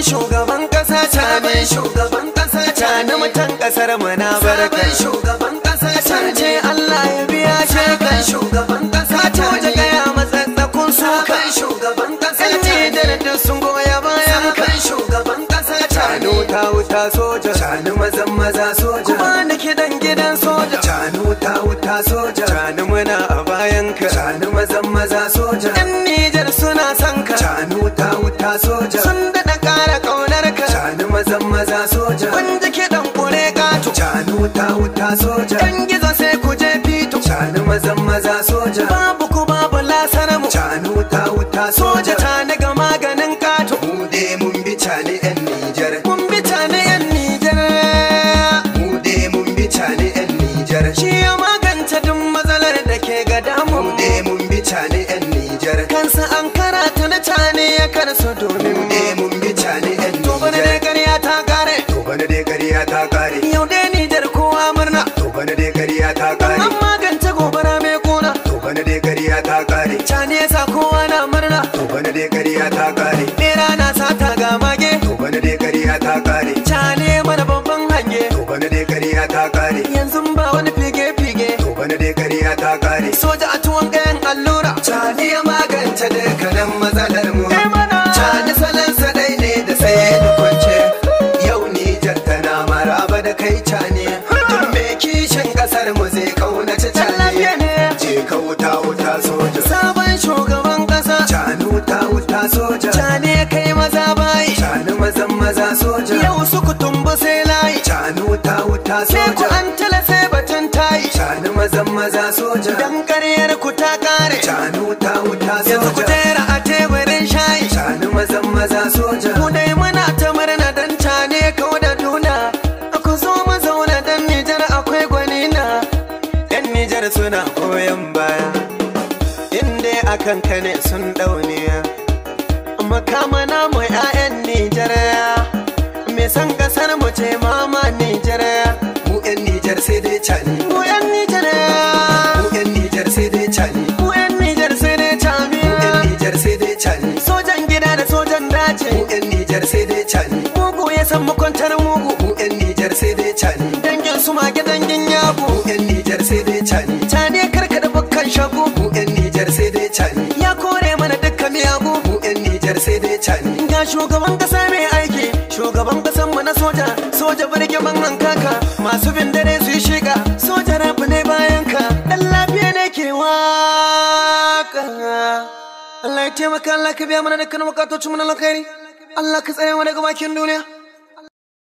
sabon shugaban kasa sabon shugaban kasa ta na mutan kasar mu na barka shugaban kasa ta ce Allah ya biya shi kan shugaban kasa ta waje ga ya kun su kan shugaban kasa ta da sun goya baya kan shugaban kasa ta no ta wuta soja shanu mazan maza soja kuma nake dan gidan soja shanu ta wuta soja shanu muna a bayan ka shanu mazan maza soja yan Nijar suna son ka shanu ta wuta soja zan maza soja kun ji kiɗan kure gato cani ta wuta soja yan gizo sai ku je fito cani mazan maza soja babu ku babu lasar mu cani ta wuta soja cani ga maganin kato mu de mun bi cani yan nijar mun bi cani yan nijar mu de mun bi cani yan nijar shi ya magance duk matsalar da ke ga damu mu de mun bi cani yan nijar kansa an karata na cani ya karsu domin mu dai kariya ta kare an magance gobara mai kona to bana dai kariya ta kare cane sa kowa na murna to bana dai kariya ta kare bera na sata ga mage to bana dai kariya ta kare ne mana babban hange to bana dai kariya ta kare yanzu maza soja yau suku tumbu sai layi cani ta wuta soja ku an tala sai batun tayi cani mazan maza soja dan ku ta kare cani ta wuta soja yanzu ku tera a teburin shayi cani mazan maza soja ku dai muna ta murna dan cane kau da duna ku zo mu zauna dan Nijar akwai gwanina yan Nijar suna koyon baya inda akan kane sun dauniya makama na mu 'ya'yan Nijar san kasar mu ce mama Nijar mu yan Nijar sai dai cani mu yan Nijar mu yan Nijar sai dai cani mu yan Nijar sai dai cani mu yan Nijar sai dai cani sojan gida da sojan daji mu yan Nijar sai dai cani mugu ya san makwantar mugu mu yan Nijar sai dai cani dangin su mage dangin yabo mu yan Nijar sai dai cani cane karkada bakkan shago mu yan Nijar sai dai cani ya kore mana dukkan miyagu mu yan Nijar sai dai cani ga shugaban kasa mai aiki shugaban kasan mu na soja soja birgiman hankaka masu bin dare su yi shiga soja rafi ne bayan ka dan lafiya ne ke waka Allah ya taimaka Allah ka biya mana dukkan bukatocin mu na alkhairi Allah ka tsare mu daga bakin duniya